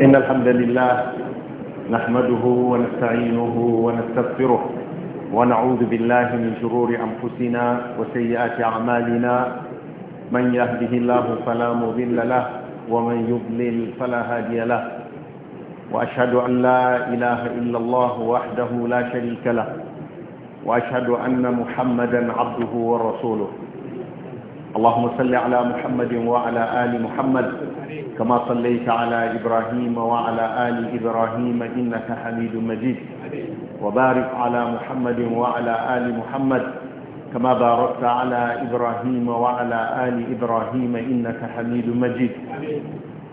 إن الحمد لله نحمده ونستعينه ونستغفره ونعوذ بالله من شرور أنفسنا وسيئات أعمالنا من يهده الله فلا مضل له ومن يضلل فلا هادي له وأشهد أن لا إله إلا الله وحده لا شريك له وأشهد أن محمدا عبده ورسوله اللهم صل على محمد وعلى آل محمد كما صليت على إبراهيم وعلى آل إبراهيم إنك حميد مجيد وبارك على محمد وعلى آل محمد كما باركت على إبراهيم وعلى آل إبراهيم إنك حميد مجيد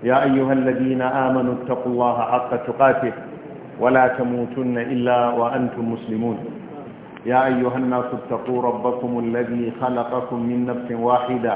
يا أيها الذين آمنوا اتقوا الله حق تقاته ولا تموتن إلا وأنتم مسلمون يا أيها الناس اتقوا ربكم الذي خلقكم من نفس واحدة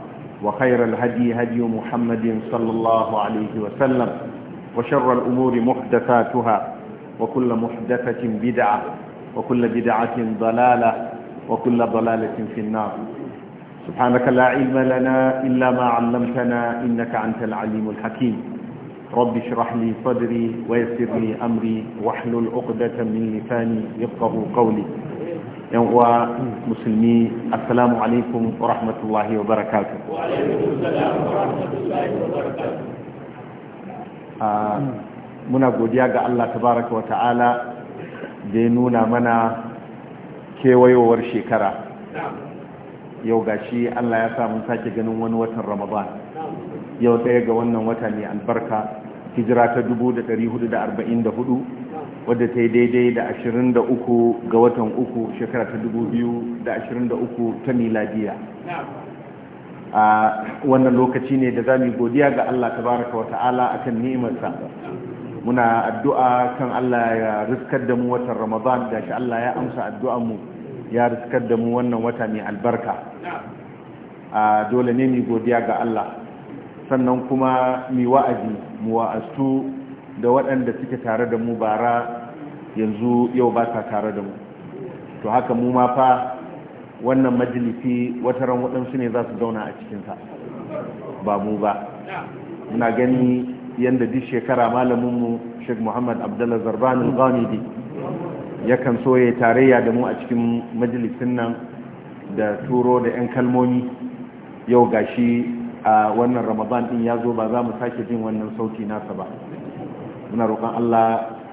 وخير الهدي هدي محمد صلى الله عليه وسلم وشر الأمور محدثاتها وكل محدثة بدعة وكل بدعة ضلالة وكل ضلالة في النار سبحانك لا علم لنا إلا ما علمتنا إنك أنت العليم الحكيم رب اشرح لي صدري ويسر لي أمري واحلل عقدة من لساني يفقه قولي yan uwa musulmi assalamu alaikum wa rahmatullahi wa barakatu ah, muna godiya ga Allah tabaraka wa ta'ala da ya nuna mana kewayowar shekara yau gashi Allah ya sa mun sake ganin wani watan ramadan yau ɗaya ga wannan wata ne albarka hijira ta 444 wadda ta yi daidai da 23 ga watan uku shekara ta 2023 ta miladiya a wannan lokaci ne da za mu godiya ga Allah ta baraka wa ta'ala akan ni'imarsa muna addu'a kan Allah ya riskar da mu watan Ramadan da shi Allah ya amsa addu'anmu ya riskar da mu wannan wata mai albarka a dole ne mu godiya ga Allah sannan kuma mu wa'azi mu wa'astu da waɗanda suke tare da mu bara yanzu yau ba sa tare da mu to haka mu ma fa wannan majalisi wata ran waɗansu ne za su zauna a cikinsa ba mu ba muna gani yadda duk shekara malaminmu sheikh muhammad abdullah zarban al-ghamidi yakan so ya tarayya da mu a cikin majalisin nan da turo da 'yan kalmomi yau gashi a wannan ramadan din ya zo ba za mu sake jin wannan sauti nasa ba muna roƙon Allah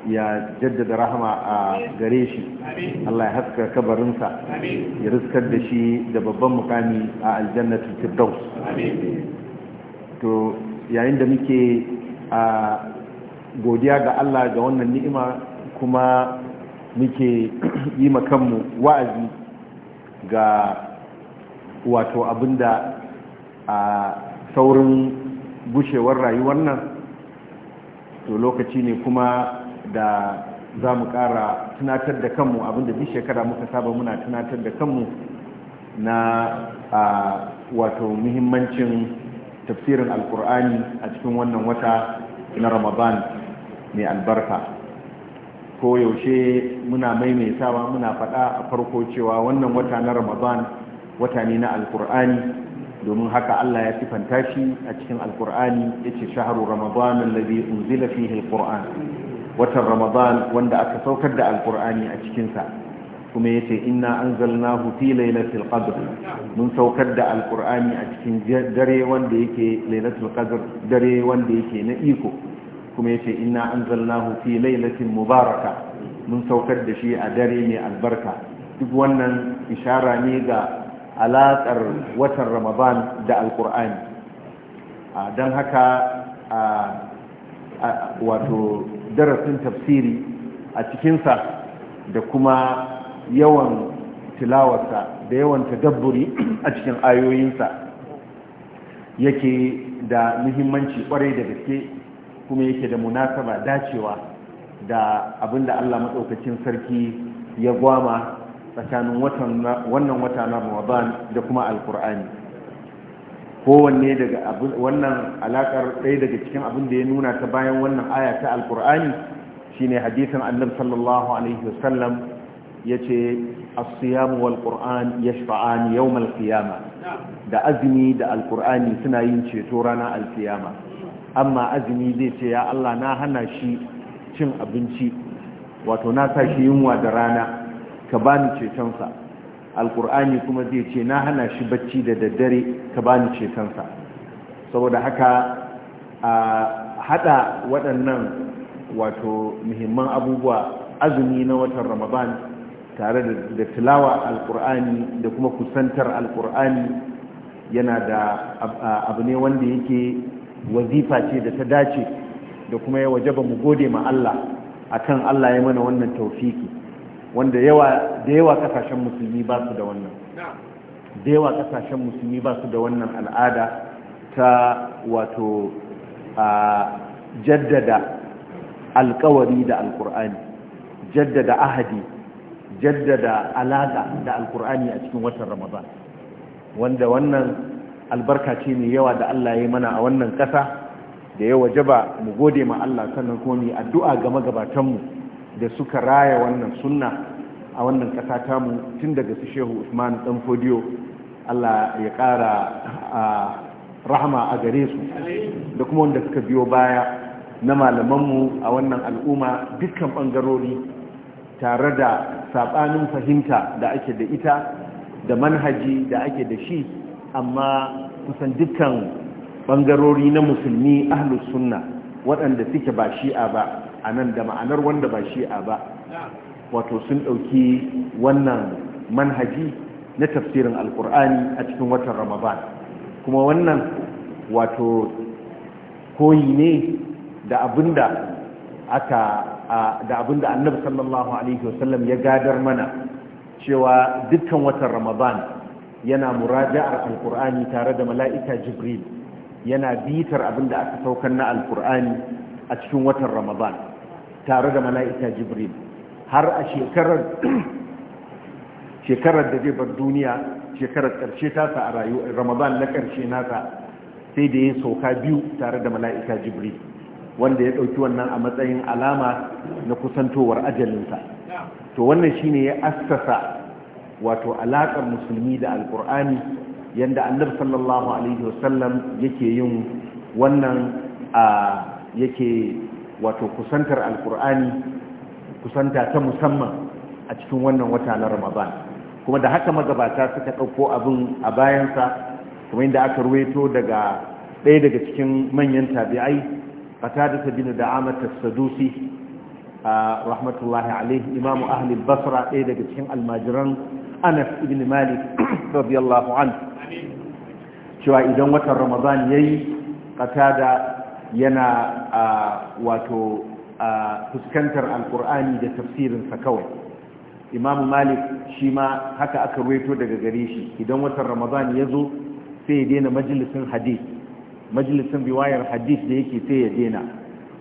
ya jaddada rahama a gare shi Allah ya haska kabarinsa ya riskar da shi da babban mukami a aljannatul firdaus to yayin da muke a godiya ga Allah ga wannan ni'ima kuma muke yi kanmu wa'azi ga wato abinda a saurin gushewar rayuwar nan to lokaci ne kuma da za mu ƙara tunatar da kanmu abinda duk shekara muka saba muna tunatar da kanmu na a wato muhimmancin tafsirin alkur'ani a cikin wannan wata na ramadan mai albarka ko yaushe muna maimaitawa muna faɗa a farko cewa wannan wata na ramadan wata ne na alkur'ani domin haka Allah ya sifanta shi a cikin alkur'ani ya ce shaharu ramadan alladhi unzila fihi alquran watan ramadan wanda aka saukar da alkur'ani a cikinsa kuma ya ce an anzalnahu hufi lailatul qadr mun saukar da alkur'ani a cikin dare wanda yake lailatul qadr dare wanda yake na iko kuma ya ce inna anzalnahu hufi lailatin mubaraka mun saukar da shi a dare mai albarka duk wannan ishara ne ga alaƙar watan ramadan da alƙur'ani don haka wato darasin tafsiri a cikinsa da kuma yawan tilawarsa da yawan tadabburi a cikin ayoyinsa yake da muhimmanci kwarai da gaske kuma yake da munasaba dacewa da abinda Allah maɗaukacin sarki ya gwama tsakanin wannan wata na ramadan da kuma alkur'ani kowanne daga wannan alakar ɗaya daga cikin abin da ya nuna ta bayan wannan aya ta alkur'ani shine hadisin annab sallallahu alaihi wasallam ya ce, asiyamu wal qur'an yashfa'an yawm al-qiyama da azumi da alkur'ani suna yin ceto rana alkiyama amma azumi zai ce ya Allah na hana shi cin abinci wato na sa shi yunwa da rana ka bani cetonsa alkur'ani kuma zai ce na hana shi bacci da daddare ka bani cetonsa saboda haka a hada waɗannan wato muhimman abubuwa azumi na watan ramadan tare da tilawa alkur'ani da kuma kusantar alkur'ani yana da abu ne wanda yake wazifa ce da ta dace da kuma ya waje ba mu gode ma Allah akan Allah ya mana wannan taufiki wanda yawa da yawa kasashen musulmi ba su da wannan da yawa kasashen musulmi ba su da wannan al'ada ta wato a jaddada alkawari da alkur'ani jaddada ahadi jaddada alaƙa da alkur'ani a cikin watan ramadan wanda wannan albarka ce mai yawa da allah ya mana a wannan ƙasa da ya wajaba mu gode ma allah sannan kuma mu yi addu'a ga magabatanmu da suka raya wannan sunna a wannan ƙasa tamu tun daga su shehu usman dan fodiyo allah ya ƙara rahama a gare su da kuma wanda suka biyo baya na malamanmu a wannan al'umma dukkan ɓangarori tare da saɓanin fahimta da ake da ita da manhaji da ake da shi amma kusan dukkan ɓangarori na musulmi ahlus sunna waɗanda suke ba shi'a ba a nan da ma'anar wanda ba shi a ba wato sun ɗauki wannan manhaji na tafsirin alkur'ani a cikin watan ramadan kuma wannan wato koyi ne da abinda aka da abinda annabi sallallahu alaihi wasallam ya gadar mana cewa dukkan watan ramadan yana muraja'ar alkur'ani tare da mala'ika jibril yana bitar abinda aka saukar na alkur'ani a cikin watan ramadan tare da mala'ika jibril har a shekarar shekarar da zai bar duniya shekarar ƙarshe tasa a rayuwar ramadan na ƙarshe nasa sai da ya sauka biyu tare da mala'ika jibril wanda ya ɗauki wannan a matsayin alama na kusantowar ajalinsa to wannan shine ya assasa wato alaƙar musulmi da alkur'ani yadda annabi sallallahu alaihi wasallam yake yin wannan a yake wato kusantar alkur'ani kusanta ta musamman a cikin wannan wata na ramadan kuma da haka magabata suka ɗauko abin a bayansa kuma inda aka ruweto daga ɗaya daga cikin manyan tabi'ai qatada bin da as-sadusi rahmatullahi alaihi imamu ahli basra ɗaya daga cikin almajiran anas ibn malik radiyallahu an cewa idan watan ramadan ya yi katada. yana wato fuskantar alkur'ani da tafsirinsa kawai imamu malik shi ma haka aka ruwaito daga gare shi idan watan ramadan ya zo sai ya daina majalisin hadith majalisin biwayar hadith da yake sai ya daina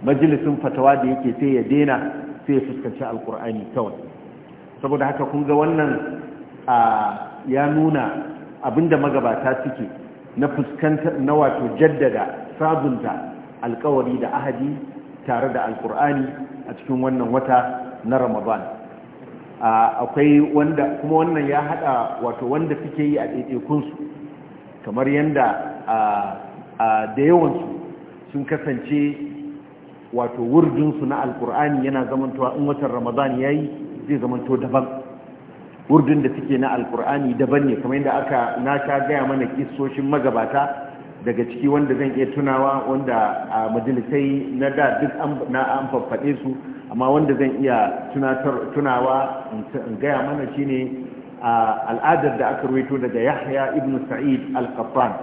majalisin fatawa da yake sai ya daina sai ya fuskanci alkur'ani kawai saboda haka kun ga wannan ya nuna abinda magabata suke na fuskanta na wato jaddada sabunta alkawari da ahadi tare da alkur'ani a cikin wannan wata na ramadan akwai wanda kuma wannan ya hada wato wanda suke yi a ɗaiɗaikunsu kamar yadda da yawansu sun kasance wato wurdinsu na alkur'ani yana zamantowa in watan ramadan ya yi zai zamanto daban wurdin da suke na alkur'ani daban ne kamar yadda aka na sha gaya mana kisoshin magabata daga ciki wanda zan iya tunawa wanda a majalisai na da duk na an faffaɗe su amma wanda zan iya tunawa in gaya mana shine al'adar da aka ruwaito daga yahya ibn sa'id al-qattan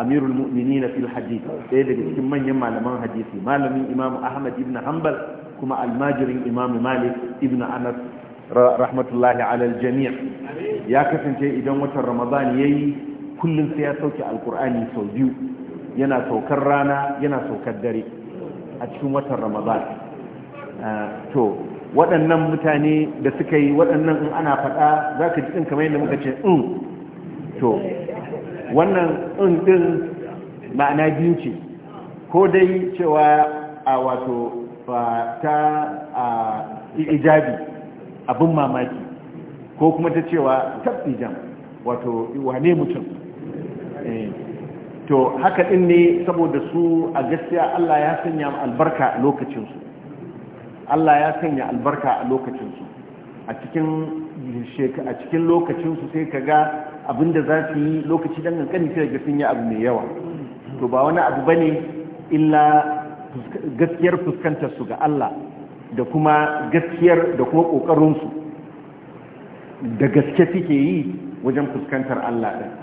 amirul mu'minin fil hadith ɗaya daga cikin manyan malaman hadisi malamin imam ahmad ibn hanbal kuma almajirin imamu malik ibn anas rahmatullahi alal jami' ya kasance idan watan ramadan yayi kullum sai ya sauke alkur'ani sau biyu yana saukar rana yana saukar dare a cikin watan ramadan eh, to waɗannan mutane da suka yi waɗannan in ana faɗa za ka ji ɗin kamar yadda muka ce in mm. to wannan in ɗin ma'ana biyu ce ko dai cewa a wato ta ijabi abin mamaki ko kuma ta cewa tabbijan wato wane mutum Eh. to haka din ne saboda su a gaskiya Allah ya sanya albarka a lokacinsu Allah ya sanya albarka a lokacinsu a cikin a cikin lokacinsu sai ka ga abinda za su yi lokaci dan kankani sai ga sun yi abu mai yawa to ba wani abu bane illa gaskiyar fuskantar su ga Allah da kuma gaskiyar da kuma kokarin su da gaske suke yi wajen fuskantar Allah din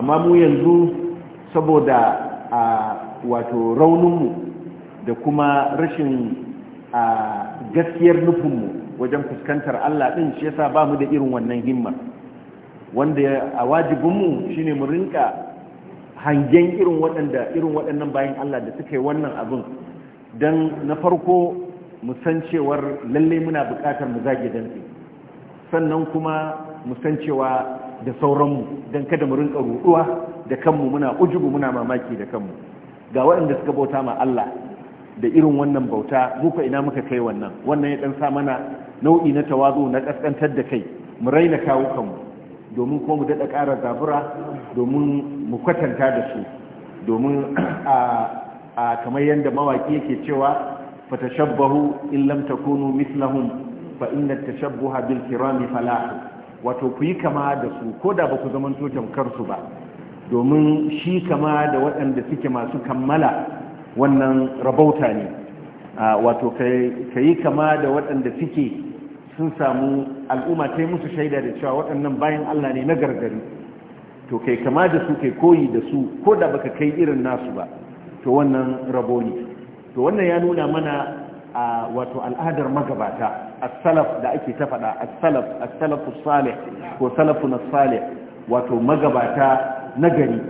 amma mu yanzu saboda a wato rauninmu da kuma rashin a gaskiyar nufinmu wajen fuskantar Allah ɗin shi yasa ba mu da irin wannan himmar wanda a wajibinmu shine mu rinka hangen irin waɗanda irin waɗannan bayan Allah da suka yi wannan abin don na farko mu cewar lalle muna buƙatar mu zage dantse sannan kuma mu cewa da sauranmu don kada mu rinka ruɗuwa da kanmu muna ujubu muna mamaki da kanmu ga waɗanda suka bauta ma Allah da irin wannan bauta muka ina muka kai wannan wannan ya ɗan sa mana nau'i na tawazu na kaskantar da kai mu raina kawo kanmu domin kuma mu daɗa ƙara zabura domin mu kwatanta da su domin a kamar yadda mawaƙi yake cewa fatashabbahu in lam takunu mislahum fa inna tashabbuha bil kirami falahu wato ku yi kama da su ko da ba ku zamanto tutan su ba domin shi kama da waɗanda suke masu kammala wannan rabauta ne wato ka yi kama da waɗanda suke sun samu al'umma ta yi musu shaida da cewa waɗannan bayan allah ne na gargari to kai kama da su kai koyi da su ko da baka kai irin nasu ba to wannan rabo ne to wannan ya nuna mana wato al'adar magabata as-salaf da ake ta faɗa as-salaf as-salafu salih ko salafun wato magabata nagari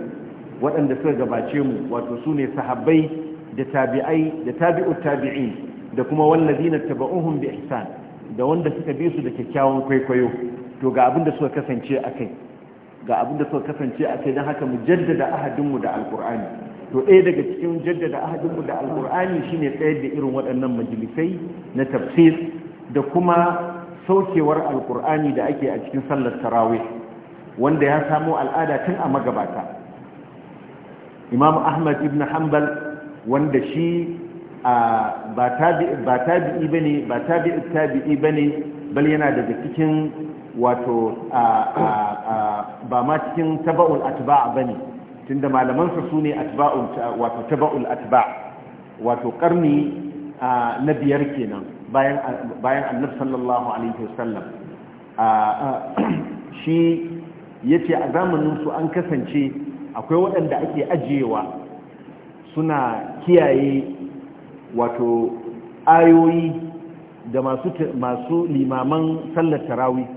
waɗanda suka gabace mu wato sune ne sahabbai da tabi'ai da tabi'ut tabi'in da kuma wallazina taba'uhum bi ihsan da wanda suka bi su da kyakkyawan kwaikwayo to ga abin suka kasance akai ga abin suka kasance akai don haka mu jaddada ahadinmu da alqur'ani to ɗaya daga cikin jaddada ahadinmu da alƙur'ani shine tsayar da irin waɗannan majalisai na tafsir da kuma saukewar alkur'ani da ake a cikin sallar tarawih wanda ya samo al'ada tun a magabata imam ahmad ibn hanbal wanda shi ba tabi'i ba ne ba tabi'i tabi'i ba ne bal yana daga cikin wato ba ma cikin taba'ul atba ba ne tun da malamansa su ne wato taba'ul atba wato karni na biyar kenan bayan annabi sallallahu alaihi wasallam shi yace a zamanin su an kasance akwai waɗanda ake ajiyewa suna kiyaye wato ayoyi da masu limaman sallar tarawi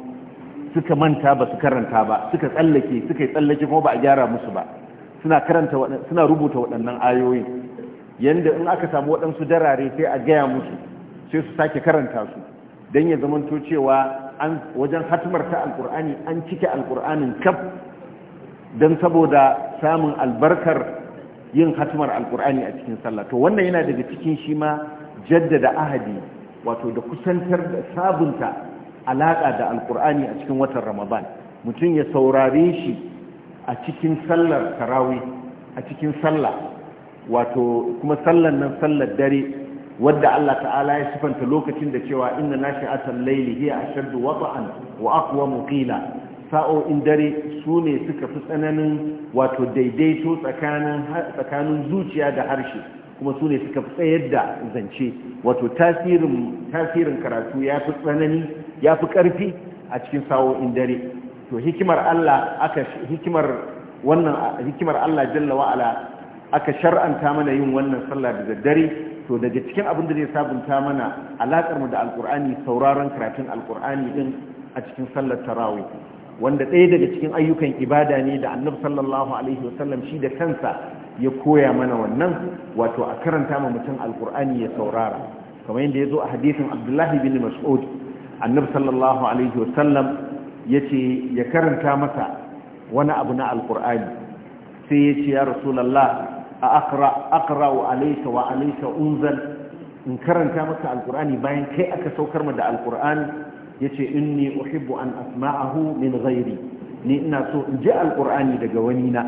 suka manta ba su karanta ba suka tsallake suka tsallake kuma ba a gyara musu ba suna rubuta waɗannan ayoyi yadda in aka samu waɗansu darare sai a gaya musu sai su sake karanta su don ya zamanto cewa wajen hatimar ta alkur'ani an cike alkur'anin kaf don saboda samun albarkar yin hatimar alkur'ani a cikin sallah to wannan yana daga cikin shi ma jaddada ahadi wato da kusantar da sabunta alaƙa da alkur'ani a cikin watan ramadan mutum ya saurare shi a cikin sallar tarawih a cikin sallah wato kuma sallar nan sallar dare wadda Allah ta'ala ya sifanta lokacin da cewa inna nashi'atal layli hiya ashaddu wata'an wa dare su ne suka fi tsananin wato daidaito tsakanin tsakanin zuciya da harshe kuma su ne suka fi tsayar da zance wato tasirin tasirin karatu ya fi tsanani ya fi karfi a cikin sa'o'in dare to hikimar Allah aka hikimar wannan hikimar Allah jalla wa ala aka shar'anta mana yin wannan sallah da daddare to daga cikin abin da zai sabunta mana alakar mu da alkur'ani sauraron karatun alkur'ani din a cikin sallar tarawih wanda ɗaya daga cikin ayyukan ibada ne da annabi sallallahu alaihi wasallam shi da kansa ya koya mana wannan wato a karanta ma mutum alkur'ani ya saurara kamar yadda ya zo a hadisin abdullahi bin mas'ud annabi sallallahu alaihi wasallam ya ce ya karanta masa wani abu na alkur'ani sai ya ce ya rasulallah a akra wa alayka wa alayka unzal in karanta masa alqur'ani bayan kai aka saukar mu da alqur'ani yace inni uhibbu an asma'ahu min ghairi ni ina so in ji alqur'ani daga wani na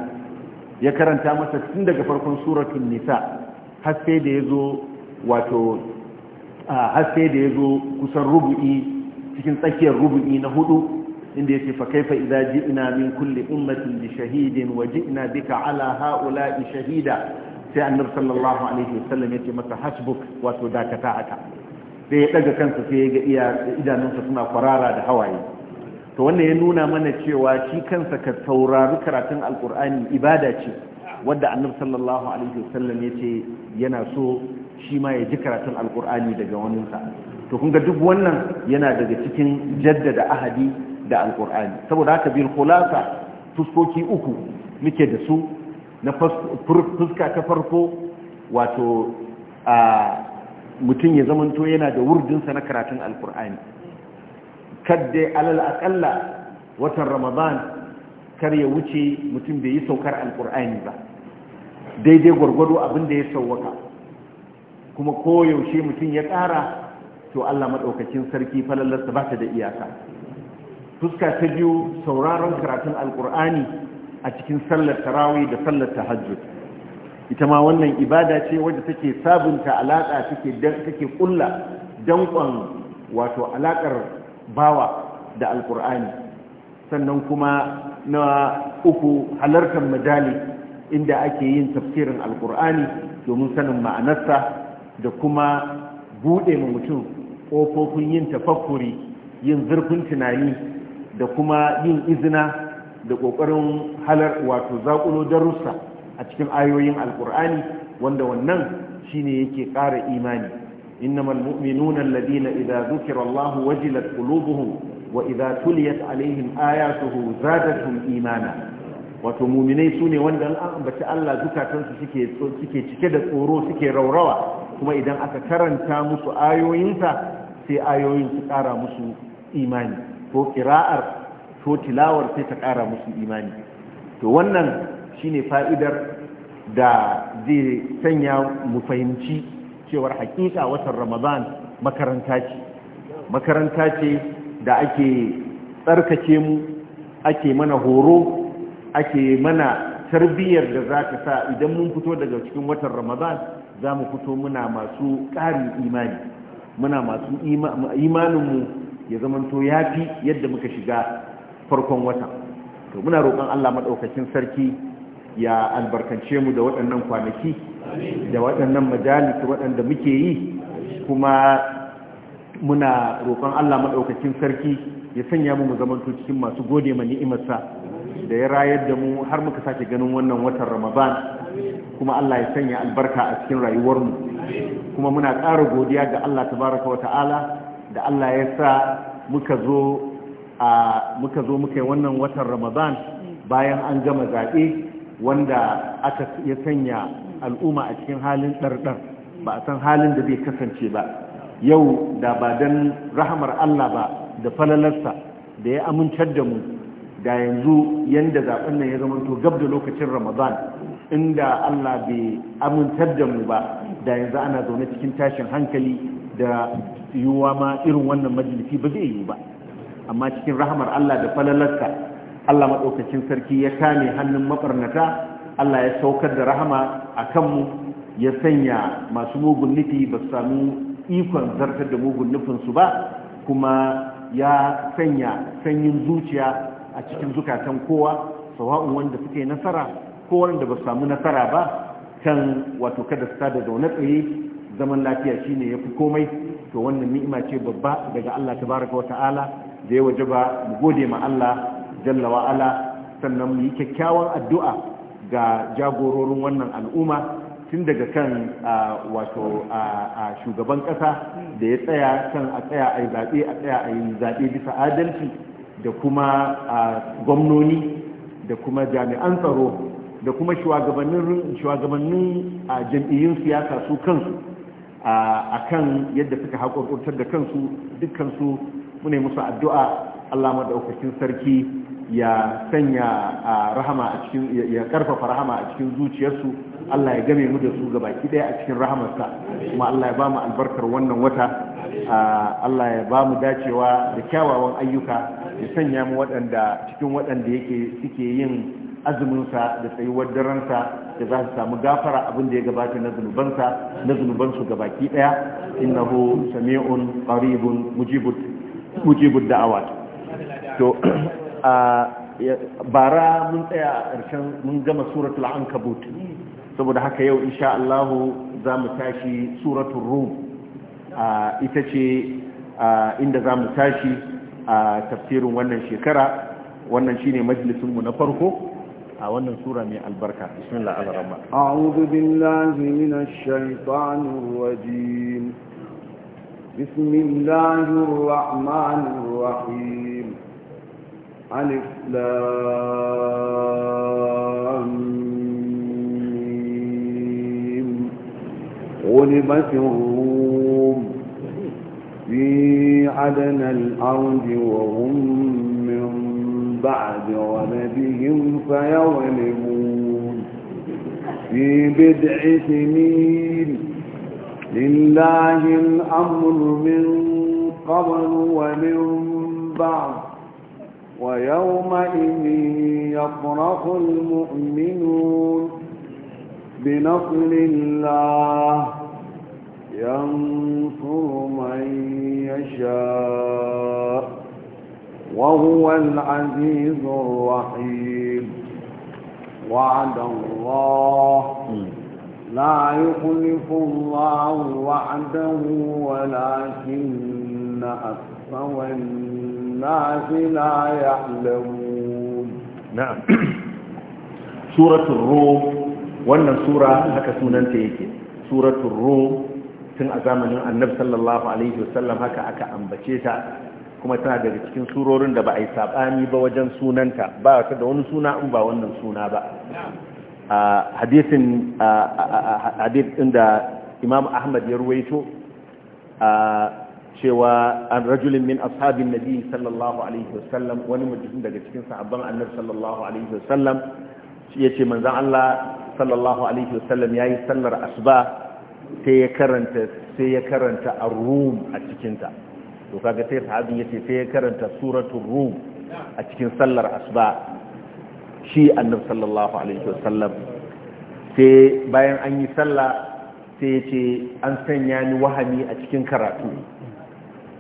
ya karanta masa tun daga farkon suratul nisa har sai da yazo wato har da yazo kusan rubu'i cikin tsakiyar rubu'i na hudu inda yake fa kaifa idza ji'na min kulli ummatin bi shahidin wa ji'na bika ala ha'ula'i shahida sai annabi sallallahu alaihi wasallam yace masa hasbuk wato dakata aka. sai ya daga kansa sai ya ga iya idanunsa suna kwarara da hawaye to wannan ya nuna mana cewa shi kansa ka taurari karatun alqur'ani ibada ce wadda annabi sallallahu alaihi wasallam yace yana so shi ma ya ji karatun alqur'ani daga sa. to kun ga duk wannan yana daga cikin jaddada ahadi da alkur'ani saboda haka bil khulasa fuskoki uku muke da su na fuska ta farko wato a mutum ya zamanto yana da wurdinsa na karatun alkur'ani kadda alal aqalla watan ramadan kar ya wuce mutum bai yi saukar alkur'ani ba daidai gwargwado abin da ya sauwaka kuma koyaushe mutum ya ƙara to allah maɗaukacin sarki falallarsa ba ta da iyaka fuska ta biyu sauraron karatun alkur'ani a cikin sallar tarawih da sallar tahajjud ita ma wannan ibada ce wadda take sabunta alaƙa take take kulla dankon wato alaƙar bawa da alkur'ani sannan kuma na uku halartar majali inda ake yin tafsirin alkur'ani domin sanin ma'anarsa da kuma bude ma mutum ƙofofin yin tafakkuri yin zurfin tunani da kuma yin izina da ƙoƙarin halar wato zaƙulo darussa a cikin ayoyin alƙur'ani wanda wannan shine yake ƙara imani innamal mu'minuna alladhina Iza dhukira Allahu wajilat qulubuhum wa idza tuliyat alaihim ayatuhu zadatuhum imana wato mu'minai sune wanda an ambaci Allah zukatansu suke cike da tsoro suke raurawa kuma idan aka karanta musu ayoyinsa sai ayoyin su ƙara musu imani ko kira'ar ko tilawar sai ta ƙara musu imani to wannan shine fa'idar da zai sanya mu fahimci cewar hakika watan ramadan makaranta ce makaranta ce da ake tsarkake mu ake mana horo ake mana tarbiyyar da za ka sa idan mun fito daga cikin watan ramadan za mu fito muna masu ƙarin imani muna masu imaninmu ya zamanto ya fi yadda muka shiga farkon wata to muna roƙon Allah maɗaukakin sarki ya albarkance mu da waɗannan kwanaki da waɗannan majalis waɗanda muke yi kuma muna roƙon Allah maɗaukakin sarki ya sanya mu mu zamanto cikin masu gode ma ni'imarsa da ya rayar da mu har muka sake ganin wannan watan Ramadan kuma Allah ya sanya albarka a cikin rayuwarmu kuma muna ƙara godiya ga Allah tabaraka wa ta'ala da Allah ya sa muka zo a muka zo muka yi wannan watan Ramadan bayan an gama zaɓe wanda aka ya sanya al'umma a cikin halin ɗarɗar ba a san halin da zai kasance ba yau da ba don rahamar Allah ba da falalarsa da ya amincar da mu da yanzu yadda zaɓen nan ya zama to gab da lokacin Ramadan inda Allah bai amintar da mu ba da yanzu ana zaune cikin tashin hankali da yiwuwa ma irin wannan majalisi ba zai yiwu ba amma cikin rahamar Allah da falalarsa Allah maɗaukacin sarki ya kame hannun mabarnata Allah ya saukar da rahama a kanmu ya sanya masu mugun nufi ba su samu ikon zartar da mugun nufin su ba kuma ya sanya sanyin zuciya a cikin zukatan kowa sawa'un wanda suke nasara ko wanda ba su samu nasara ba kan wato kada su tada zaune tsaye zaman lafiya shine fi komai to wannan ni'ima ce babba daga Allah tabaraka ta'ala da ya waje ba mu gode ma Allah jalla wa ala sannan mu yi kyakkyawan addu'a ga jagororin wannan al'umma tun daga kan wato shugaban kasa da ya tsaya kan a tsaya a yi zaɓe a tsaya a yi zaɓe bisa adalci da kuma gwamnoni da kuma jami'an tsaro da kuma shugabannin jam'iyyun siyasa su kansu a kan yadda suka haƙurƙurtar da kansu dukkansu mune musu addu'a Allah maɗaukakin sarki ya sanya rahama a cikin ya ƙarfafa rahama a cikin zuciyarsu Allah ya game mu da su ga baki ɗaya a cikin rahamarsa kuma Allah ya ba mu albarkar wannan wata Allah ya ba mu dacewa da kyawawan ayyuka ya sanya mu waɗanda cikin waɗanda yake suke yin azuminsa da tsayuwar daransa da za su samu gafara abin da ya gabata na zunubansa na zunubansu gabaki daya innahu sami'un qaribun mujibud mujibud da'awat to a bara mun tsaya a ƙarshen mun gama suratul ankabut saboda haka yau insha Allah za mu tashi suratul rum ita ce inda za mu tashi a tafsirin wannan shekara wannan shine majalisunmu na farko a wannan sura mai albarka bismillah al-rahman a'udhu billahi minash shaitanir rajim bismillahir rahmanir rahim alif lam mim غلبت في عدن الأرض وهم بعد غلبهم فيظلمون في بدع سنين لله الأمر من قبل ومن بعد ويومئذ يفرح المؤمنون بنصر الله ينصر من يشاء وهو العزيز الرحيم وعد الله لا يخلف الله وعده ولكن أكثر الناس لا يعلمون نعم سورة الروم wannan sura haka sunanta yake suratul rum tun a zamanin annabi sallallahu alaihi wasallam haka aka ambace ta kuma tana daga cikin surorin da ba a yi saɓani ba wajen sunanta ba ta da wani suna in ba wannan suna ba a hadisin ɗin da imam ahmad ya ruwaito a cewa an rajulin min ashabin nabi sallallahu alaihi wasallam wani mutum daga cikin sahabban annabi sallallahu alaihi wasallam ya ce manzan Allah sallallahu alaihi wasallam ya yi sallar asuba sai ya karanta sai ya karanta a rum a cikinta to kaga sai sahabi ce sai ya karanta suratul rum a cikin sallar asuba shi annabi sallallahu alaihi wasallam sai bayan an yi sallah sai ce an sanya ni wahami a cikin karatu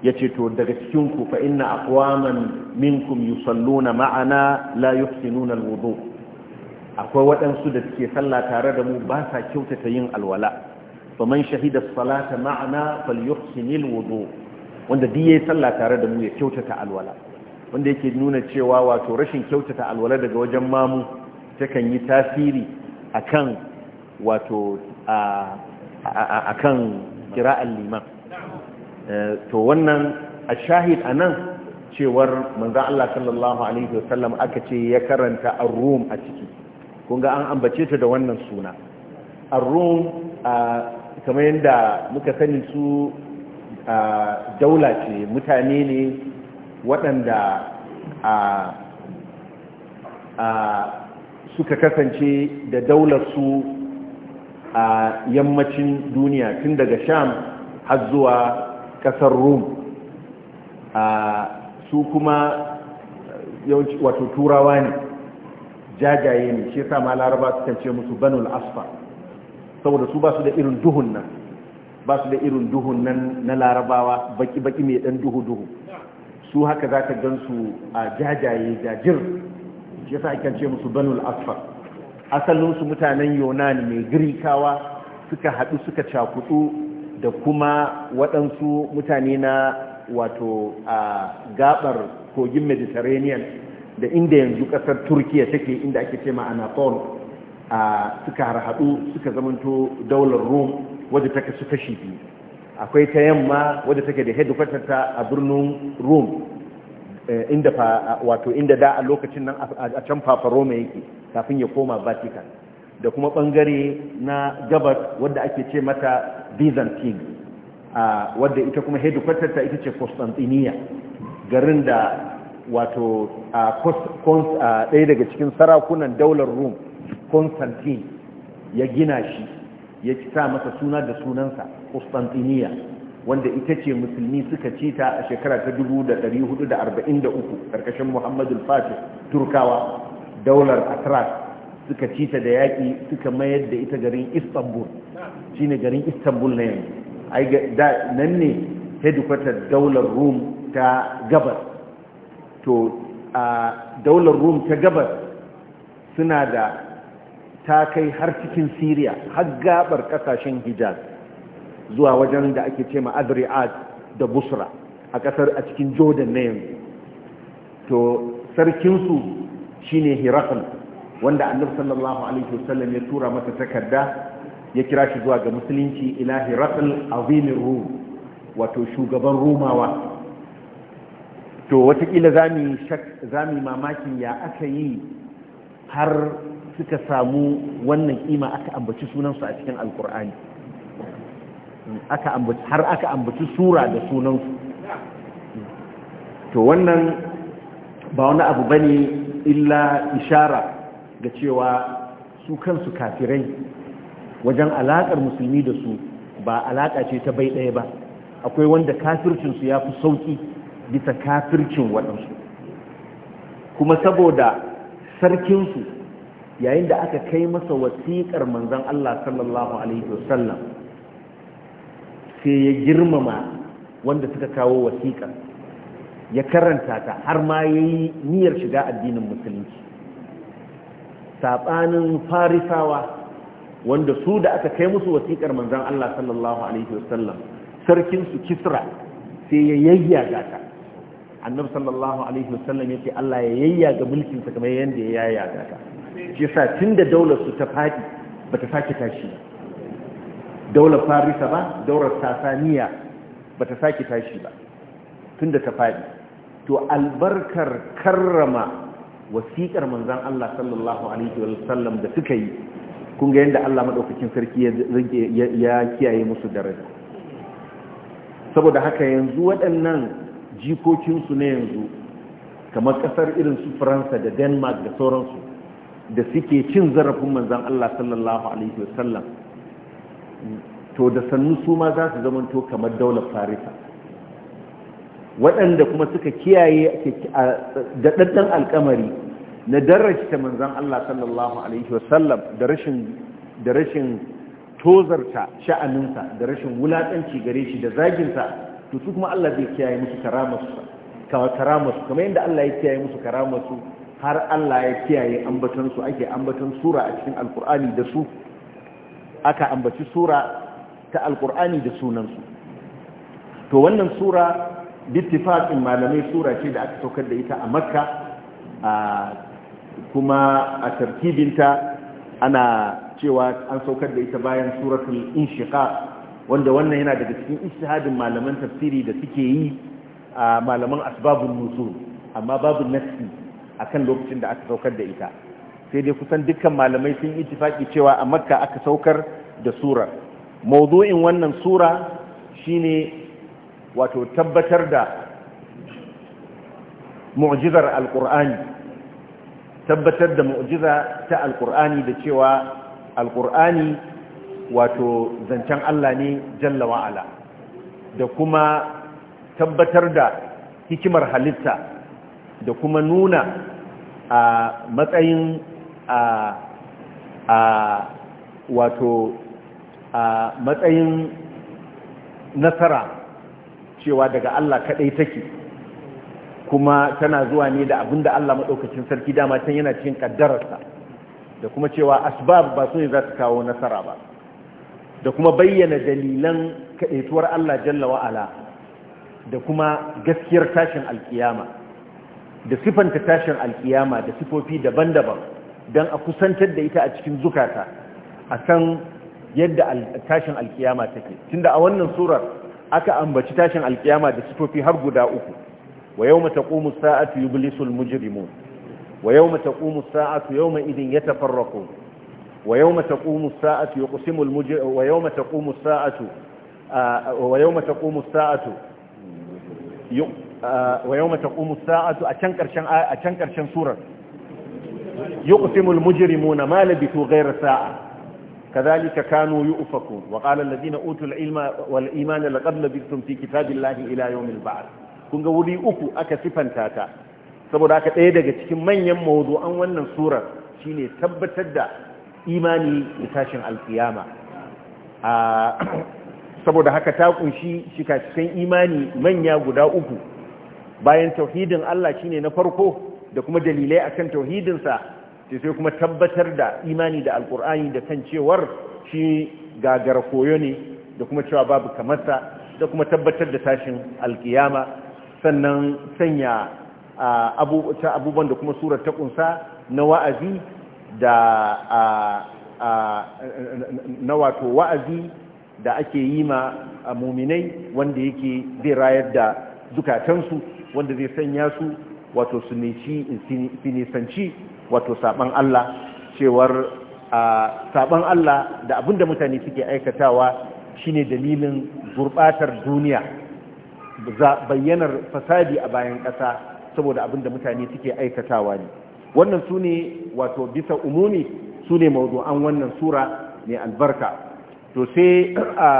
yace to daga cikin ku fa inna aqwaman minkum yusalluna ma'ana la yuhsinuna alwudu akwai waɗansu da suke sallah tare da mu ba sa kyautata yin alwala faman shahida as-salata ma'ana falyuhsinil wudu wanda duk yayi sallah tare da mu ya kyautata alwala wanda yake nuna cewa wato rashin kyautata alwala daga wajen mamu takan yi tasiri akan wato akan kira'ar liman eh, to wannan ashahid anan cewar manzo Allah sallallahu alaihi wasallam aka ce ya karanta ar-rum a ciki kun ga an ambace ta da wannan suna ar-rum kamar yadda muka sani su daula ce mutane ne waɗanda suka kasance da daular su a yammacin duniya tun daga sham har zuwa ƙasar rum su kuma wato turawa ne jajaye ne shi yasa ma laraba kan ce musu banul asfa saboda su ba su da irin duhun nan ba su da irin duhun nan na larabawa baki-baki mai dan duhu-duhu su haka za ka gan su a jajaye jajir ya sa ake ce musu banul asfar asalinsu mutanen yonani mai girikawa suka haɗu suka cakudu da kuma waɗansu mutane na wato a gabar kogin mediterranean da inda yanzu ƙasar turkiya take inda ake ce ma anatol suka harhaɗu suka zamanto daular rome wadda ta kasu kashi biyu akwai ta yamma wadda take da headquarter ta a birnin rome eh, inda wato inda da a lokacin nan a can fafa roma yake kafin ya koma vatican da kuma bangare na gabar wadda ake ce mata byzantine wadda ita kuma headquarter ta ita ce constantinople garin da wato ɗaya daga cikin sarakunan daular rome constantine ya gina shi ya sa masa suna da sunansa Constantiniya wanda ita ce musulmi suka ci ta a shekara ta 1443 karkashin Muhammadu Fatih Turkawa daular Atras suka ci ta da yaƙi suka mayar da ita garin Istanbul shine garin Istanbul na yanzu ai da nan ne hedikwatar daular Rum ta gabas to a daular Rum ta gabas suna da ta kai har cikin syria har gabar kasashen hijaz zuwa wajen da ake ce ma da busra a kasar a cikin jordan na yanzu to sarkinsu shine hirakul wanda annabi sallallahu alaihi wasallam ya tura masa takarda ya kira shi zuwa ga musulunci ila hirakul azimin rum wato shugaban rumawa to watakila za mu mamakin ya aka yi har suka samu wannan kima aka ambaci sunansu a cikin alkur'ani har aka ambaci sura da sunansu to wannan ba wani abu ba ne illa ishara ga cewa su kansu kafirai wajen alaƙar musulmi da su ba alaƙa ce ta bai ɗaya ba akwai wanda kafircinsu ya fi sauƙi bisa kafircin waɗansu kuma saboda sarkinsu yayin da aka kai masa wasiƙar manzon Allah sallallahu alaihi wasallam sai ya girmama wanda suka kawo wasiƙar ya karanta ta har ma yayi niyyar shiga addinin musulunci saɓanin farisawa wanda su da aka kai musu wasiƙar manzan Allah sallallahu Alaihi wasallam sarkinsu kisra sai ya yayyaga ta annabi sallallahu alaihi wasallam yake Allah ya yayyaga mulkin sa kamar yanda ya yayyaga ka shi yasa tunda daular su ta fadi bata sake tashi ba daular Farisa ba daular Sasaniya bata sake tashi ba tunda ta fadi to albarkar karrama wasiƙar manzon Allah sallallahu alaihi wasallam da suka yi kun ga yanda Allah madaukakin sarki ya kiyaye musu daraja saboda haka yanzu waɗannan jikokinsu na yanzu kamar kasar irin su faransa da denmark da sauransu da suke cin zarafin manzan allah sallallahu alaihi wasallam to da sannu su ma za su zamanto kamar daular farisa waɗanda kuma suka kiyaye da ɗaɗɗan alkamari na ta manzan allah sallallahu alaihi wasallam da rashin tozarta sha'aninsa da rashin wulaƙanci gare shi da zaginsa to su kuma Allah zai kiyaye musu karamarsu karamarsu kamar yadda Allah ya kiyaye musu karamarsu har Allah ya kiyaye ambatansu ake ambatan sura a cikin alkur'ani da su aka ambaci sura ta alkur'ani da sunansu to wannan sura bittifaqin malamai sura ce da aka saukar da ita a makka kuma a tarkibinta ana cewa an saukar da ita bayan suratul inshiqaq wanda wannan yana daga cikin istihadin malaman tafsiri da suke yi a malaman asbabun nutsu amma babu nassi akan lokacin da aka saukar da ita sai dai kusan dukkan malamai sun ittifaki cewa a makka aka saukar da sura mawdu'in wannan sura shine wato tabbatar da mu'jizar alqur'ani tabbatar da mu'jiza ta alqur'ani da cewa alqur'ani wato zancen Allah ne jalla wa'ala da kuma tabbatar da hikimar halitta da kuma nuna a matsayin a a wato a matsayin nasara cewa daga Allah kaɗai take kuma tana zuwa ne da abinda Allah maɗaukacin sarki dama can yana cikin ƙaddararsa da kuma cewa asbab ba su ne za su kawo nasara ba da kuma bayyana dalilan kaɗaituwar Allah jalla wa'ala da kuma gaskiyar tashin alkiyama da sifanta tashin alkiyama da sifofi daban-daban don a kusantar da ita a cikin zukata a san yadda tashin alkiyama take tunda a wannan surar aka ambaci tashin alkiyama da sifofi har guda uku wa yau mata ƙumu sa'atu yublisul mujrimun wa yau mata ƙumu sa'atu yau ma idin ya tafarraku ويوم تقوم الساعة يقسم المج... ويوم تقوم الساعة ويوم تقوم الساعة ويوم تقوم الساعة أتنكر شن أتنكر شن سورة يقسم المجرمون ما لبثوا غير ساعة كذلك كانوا يؤفكون وقال الذين أوتوا العلم والإيمان لقد لبثتم في كتاب الله إلى يوم البعث kun ga wuri uku aka sifanta ta saboda aka ɗaya daga cikin manyan mawudu'an wannan surar shine tabbatar da imani da tashin alkiyama saboda haka ta kunshi shikan imani manya guda uku bayan tauhidin Allah shine na farko da kuma dalilai akan tauhidinsa sai sai kuma tabbatar da imani da alkur'ani da kan cewar shi gagara koyo ne da kuma cewa babu kamarsa da kuma tabbatar da tashin alkiyama sannan sanya abubuwan da kuma surar ta kunsa na wa'azi da na wato wa'azi da ake yi ma muminai wanda yake zai rayar da zukatansu wanda zai sanya su wato su nisanci wato saban Allah cewar saban Allah da abinda mutane suke aikatawa shine dalilin gurbatar duniya bayyanar fasadi a bayan ƙasa saboda abinda mutane suke aikatawa ne wannan su ne wato bisa umuni su ne mawdu'an wannan sura ne albarka to sai a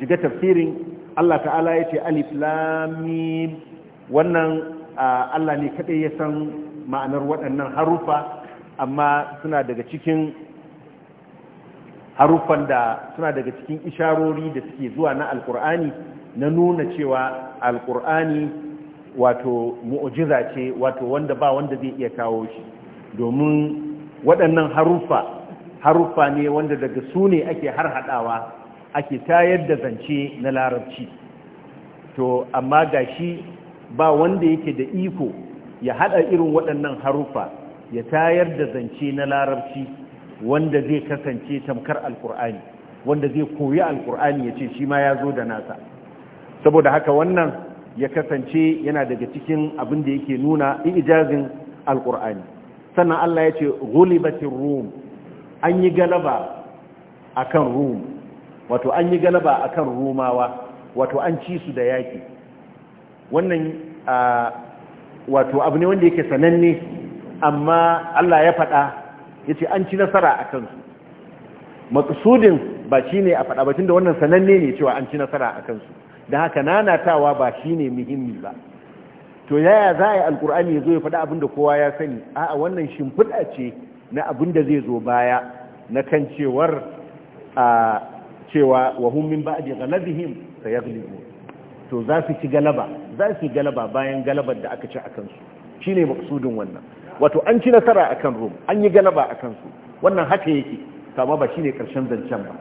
shiga tafsirin Allah ta'ala ya ce alif lamim wannan Allah ne kadai ya san ma'anar waɗannan harufa amma suna daga cikin haruffan da suna daga cikin isharori da suke zuwa na alkur'ani na nuna cewa alkur'ani wato mu'ujiza ce wato wanda ba wanda zai iya kawo shi domin waɗannan haruffa haruffa ne wanda daga su ne ake harhaɗawa ake tayar da zance na larabci to amma ga shi ba wanda yake da iko ya haɗa irin waɗannan harufa ya tayar da zance na larabci wanda zai kasance tamkar alkur'ani wanda zai koyi alkur'ani ya ce shi ma ya zo da nasa saboda haka wannan ya kasance yana daga cikin abin da yake nuna ijazin alkur'ani sannan Allah ya ce gulibatin rum an yi galaba a kan rum wato an yi galaba a kan rumawa wato an ci su da yaki wannan wato abu ne wanda yake sananne amma Allah ya faɗa ce an ci nasara a su maqsudin ba shi ne a faɗa ba da wannan sananne ne cewa an ci nasara a su da haka nanatawa ba shi ne muhimmi ba to yaya za a yi alkur'ani ya zo ya faɗi abinda kowa ya sani a wannan shimfiɗa ce na abin zai zo baya na kan cewar a cewa na min ta ya sayaghlibu to za su ci galaba za su galaba bayan galabar da aka ci a kansu Shi ne maksudin wannan wato an ci nasara a kan rom an yi galaba a kansu wannan haka yake kama ba shi ne karshen zancen ba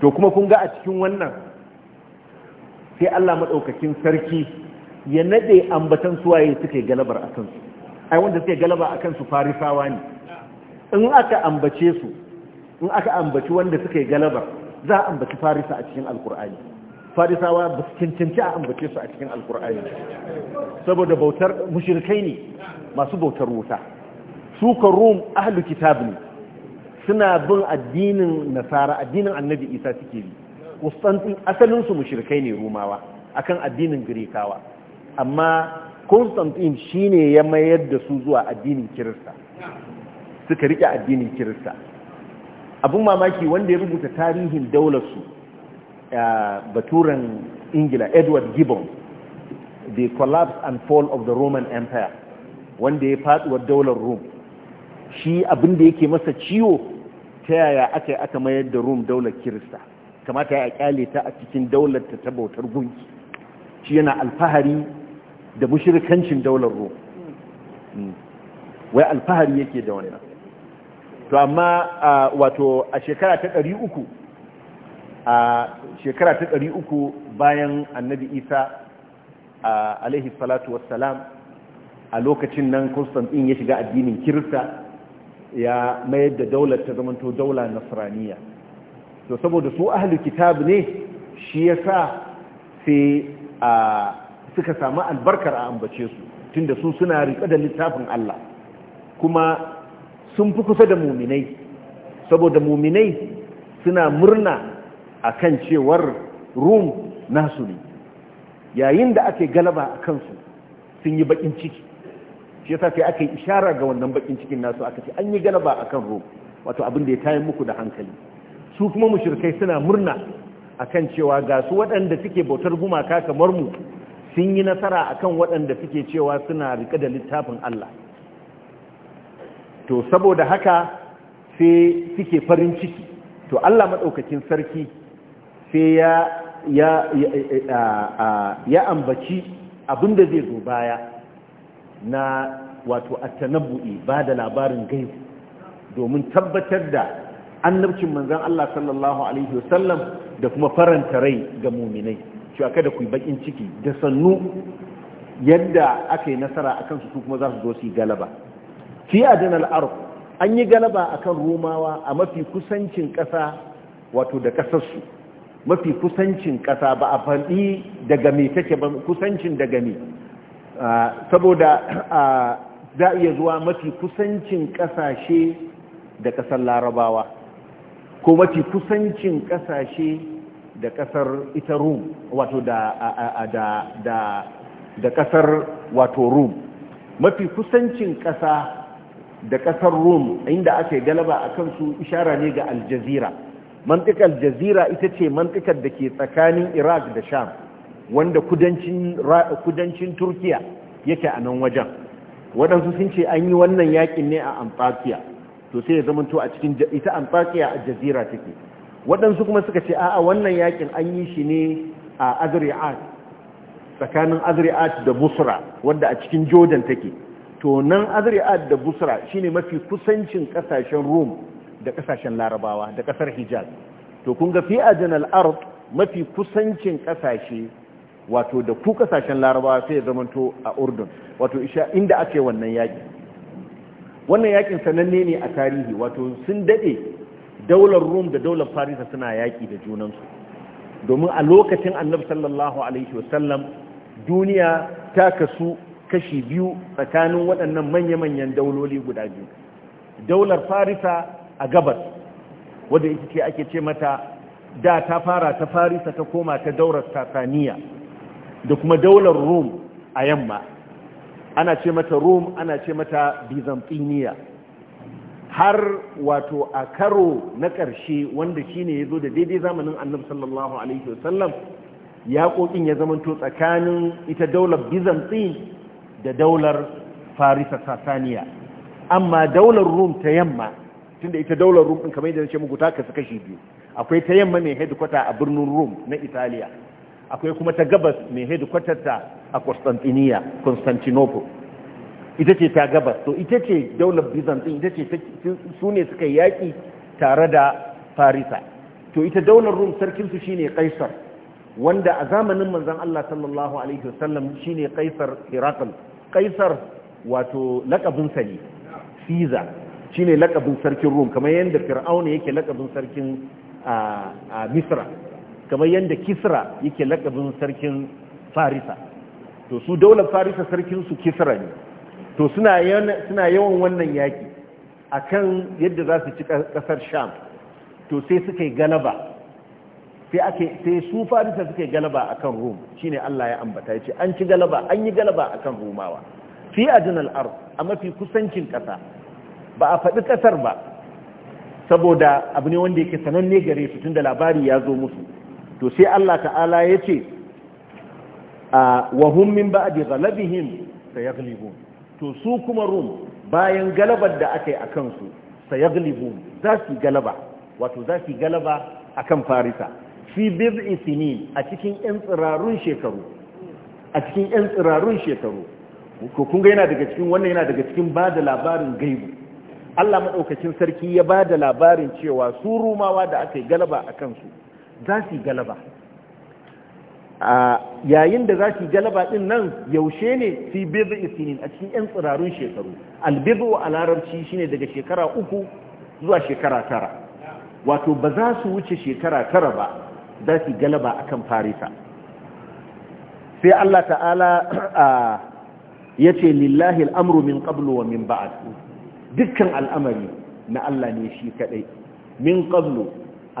to kuma kun ga a cikin wannan sai Allah maɗaukakin sarki ya nade ambatan suwaye suke galabar a kansu ai wanda suke galaba a kansu farisawa ne in aka ambace su in aka ambaci wanda suke galabar za a ambaci farisa a cikin alkur'ani farisawa ba su cancanci a ambace su a cikin alkur'ani saboda bautar mushirkai ne masu bautar wuta su ka rum ahlu kitab ne suna bin addinin nasara addinin annabi isa suke bi asalin asalinsu mushirkai ne rumawa akan addinin girekawa amma constantine ne ya mayar da su zuwa addinin kirista suka rike addinin kirista abin mamaki wanda ya rubuta tarihin daularsu baturan ingila edward gibbon the collapse and fall of the roman empire wanda ya faduwar daular rome shi abin da yake masa ciwo ta yaya aka yi aka mayar da rome daular kirista kamata ya kyale ta a cikin daular ta bautar gunki shi yana alfahari da mushirkancin daular ruwa hmm. wai alfahari yake da wannan to amma wato a shekara ta ɗari uku a shekara ta ɗari uku bayan annabi isa alaihi salatu wassalam a lokacin nan constantine ya shiga addinin kirista ya mayar da daular ta zamanto daula nasraniya to saboda su ahli kitab ne shi ya sa sai a suka samu albarkar a ambace su tunda su suna riƙe da littafin Allah kuma sun fi kusa da muminai saboda muminai suna murna a kan cewar rum nasu ne yayin da ake galaba a kansu sun yi bakin ciki shi yasa sai aka yi ishara ga wannan bakin cikin nasu aka ce an yi galaba a kan rum wato abin da ya tayin muku da hankali su kuma mushrikai suna murna akan cewa ga su waɗanda suke bautar gumaka kamar mu sun yi nasara akan waɗanda suke cewa suna rika da littafin Allah to saboda haka sai suke farin ciki to Allah maɗaukakin sarki sai ya ambaci abin da zai zo baya na wato attanabbu'i ba da labarin gaisu domin tabbatar da annabcin manzan Allah sallallahu Alaihi wasallam da kuma faranta rai ga muminai cewa kada ku yi bakin ciki da sannu yadda aka yi nasara a kansu su kuma za su zo su yi galaba fi adinal arq an yi galaba a kan romawa a mafi kusancin ƙasa wato da ƙasarsu mafi kusancin ƙasa ba a faɗi daga me take ba kusancin daga me saboda za iya zuwa mafi kusancin ƙasashe da ƙasar larabawa ko mafi kusancin ƙasashe da kasar ita rum wato da kasar wato rum mafi kusancin kasa da kasar rum inda aka yi galaba a kansu ishara ne ga aljazira mantika aljazira ita ce mantikar da ke tsakanin iraq da sham wanda kudancin turkiya yake a nan wajen waɗansu sun ce an yi wannan yakin ne a amfakiya to sai ya to a cikin ita amfakiya a jazira take waɗansu kuma suka ce a'a wannan yakin an yi shi ne a azri'at tsakanin azri'at da busra wadda a cikin jordan take to nan azri'at da busra shine mafi kusancin kasashen rome da kasashen larabawa da kasar hijaz to kun ga fi janar ard mafi kusancin kasashe wato da ku kasashen larabawa sai ya zamanto a urdun wato isha inda ake wannan yaki wannan yakin sananne ne a tarihi wato sun daɗe. daular rum da daular farisa suna yaƙi da junansu domin a lokacin annabi sallallahu alaihi wasallam duniya ta kasu kashi biyu tsakanin waɗannan manya-manyan dauloli guda biyu daular farisa a gabas wadda ita ce ake ce mata da ta fara ta farisa ta koma ta daular tasaniya da kuma daular rum a yamma ana ce mata rum ana ce mata byzantiniya har wato a karo na ƙarshe wanda shi ne ya zo da daidai zamanin annabi sallallahu alaihi wasallam sallam ya zamanto tsakanin ita daular byzantine da daular farisa sasaniya amma daular rum ta yamma tunda ita daular rum ɗin kamar yadda nace muku ta kasu kashi biyu akwai ta yamma mai headquarter a birnin rum na italiya akwai kuma ta gabas mai ta a constantinople ita ce ta gabas to ita ce daular byzantine ita ce su ne suka yaƙi tare da farisa to ita daular rum sarkinsu shine kaisar wanda a zamanin manzan Allah sallallahu alaihi wasallam shine kaisar hirakal kaisar wato lakabin sani ne caesar shine lakabin sarkin rum kamar yadda fir'auna yake lakabin sarkin a misra kamar yanda kisra yake lakabin sarkin farisa to su daular farisa sarkinsu su kisra ne to suna yawan wannan yaki akan yadda za su ci kasar sham to sai suka yi galaba sai su farisa suka yi galaba akan rum shine Allah ya ambata ya ce an ci galaba an yi galaba akan rumawa fi jin al'ar a mafi kusancin kasa ba a faɗi ƙasar ba saboda abu ne wanda yake sananne gare su tun da labari ya zo musu to sai Allah ta'ala ya ce a a hum min da ya galibun to su kuma rum bayan galabar da aka yi a kansu galibu za su galaba wato za su galaba a kan farisa fi bid'i sinin a cikin 'yan tsirarun shekaru a cikin 'yan tsirarun shekaru ko yana daga cikin wannan yana daga cikin ba da labarin gaibu Allah maɗaukacin sarki ya ba da labarin cewa su rumawa da aka yi galaba a kansu za su galaba a yayin da za su galaba din nan yaushe ne fi bizu isinin a cikin 'yan tsirarun shekaru albizu a larabci shine daga shekara uku zuwa shekara tara wato ba za su wuce shekara tara ba za su galaba kan farisa sai Allah ta'ala ya ce lillahi al'amru min qablu wa min ba'ad dukkan al'amari na Allah ne shi kaɗai min qablu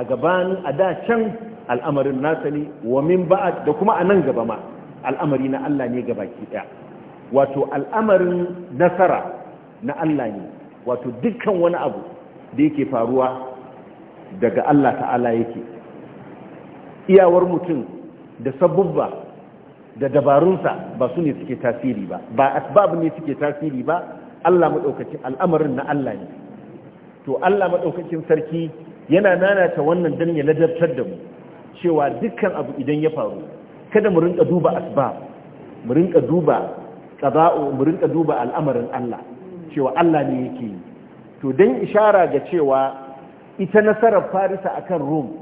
a gabanin a da can al'amarin nasa ne wa min ba'ad da kuma a nan gaba ma al'amari na Allah ne gabaki ɗaya wato al'amarin nasara na Allah ne wato dukkan wani abu da yake faruwa daga Allah ta'ala yake iyawar mutum da sabubba da dabarunsa ba su ne suke tasiri ba ba asbab ne suke tasiri ba Allah madaukakin al'amarin na Allah ne to Allah madaukakin sarki yana nanata wannan dan ya ladabtar da mu cewa dukkan abu idan ya faru kada mu rinka duba asbab mu rinka duba qada'u mu rinka duba al'amarin Allah cewa Allah ne yake yi to dan ishara ga cewa ita nasarar Farisa akan Rome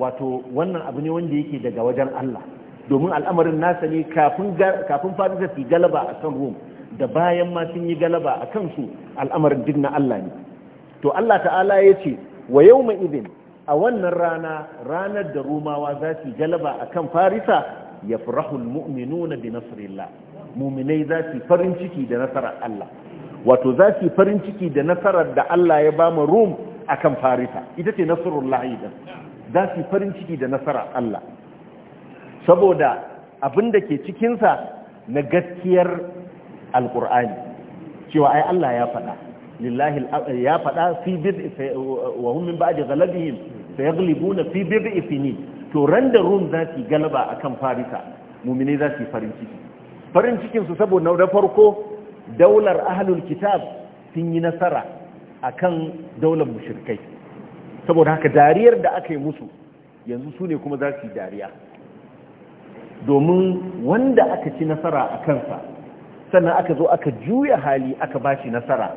wato wannan abu ne wanda yake daga wajen Allah domin al'amarin nasa ne kafin kafin Farisa su galaba akan Rome da bayan ma sun yi galaba akan su al'amarin duk Allah ne to Allah ta'ala ya ce wa yawma idin a wannan rana ranar da rumawa za su galaba a kan farisa ya fi farahul mu'minuna bi nasrillah muminai za su farin ciki da nasarar Allah wato za su farin ciki da nasarar da Allah ya ba mu rum kan farisa ita ce nasrullah idan za su farin ciki da nasarar Allah saboda abinda ke cikinsa na gaskiyar alkur'ani cewa ai Allah ya faɗa lillahi ya faɗa fi bid wa hum min ba'di ghalabihim sayaglibuna fi bid'i sinin to ran da rum za su galaba akan farisa mu'mini za su farin ciki farin cikin su saboda na farko daular ahlul kitab sun yi nasara akan daular mushrikai saboda haka dariyar da aka yi musu yanzu su ne kuma za su yi dariya domin wanda aka ci nasara a kansa sannan aka zo aka juya hali aka ba shi nasara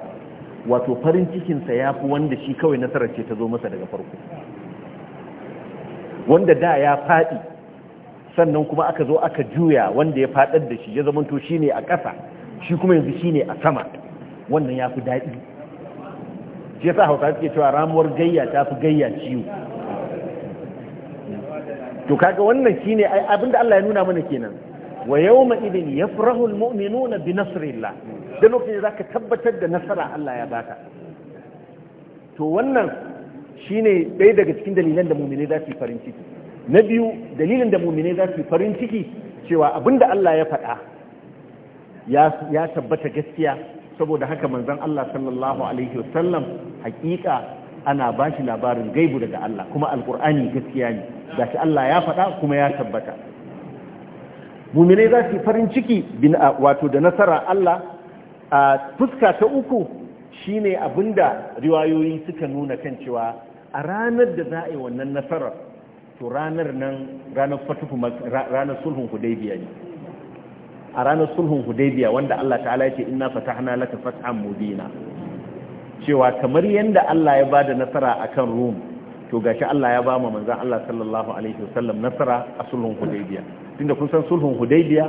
wato farin cikinsa ya fi wanda shi kawai nasarar ce ta zo masa daga farko wanda da ya faɗi sannan kuma aka zo aka juya wanda ya faɗar da shi ya to shi ne a ƙasa shi kuma yanzu shi ne a sama wannan ya fi daɗi shi ya sa hausa suke cewa ramuwar gayya ta fi gayya ciwo to kaga wannan shine abinda Allah ya nuna mana kenan wa yawma idin yafrahu almu'minuna bi nasrillah da lokacin da zaka tabbatar da nasara Allah ya baka to wannan shi ne ɗaya daga cikin dalilan da mummine za su yi farin ciki na biyu dalilin da mummine za su yi farin ciki cewa abinda Allah ya faɗa ya tabbata gaskiya saboda haka manzon Allah sallallahu alaihi wasallam hakika ana ba shi labarin gaibu daga Allah kuma alkur'ani gaskiya ne gashi Allah ya faɗa kuma ya tabbata mummine za su yi farin ciki wato da nasara Allah a fuska ta uku shi shine abinda riwayoyi suka nuna kan cewa a ranar da za a yi wannan nasarar to ranar nan ranar ranar sulhun hudaybiya ne a ranar sulhun hudaybiya wanda Allah ta'ala ya ce inna fatahna laka fathan mubina cewa kamar yanda Allah ya bada nasara akan Rum to gashi Allah ya ba mu manzon Allah sallallahu alaihi wasallam nasara a sulhun hudaybiya tunda kun san sulhun hudaybiya